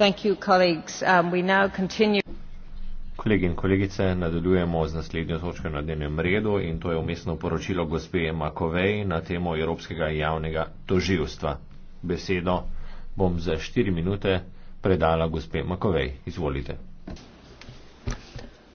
Um, Kolegi in kolegice, nadaljujemo z naslednjo točko na dnevnem redu in to je umestno poročilo gospe Makovej na temo Evropskega javnega toživstva. Besedo bom za štiri minute predala gospe Makovej. Izvolite.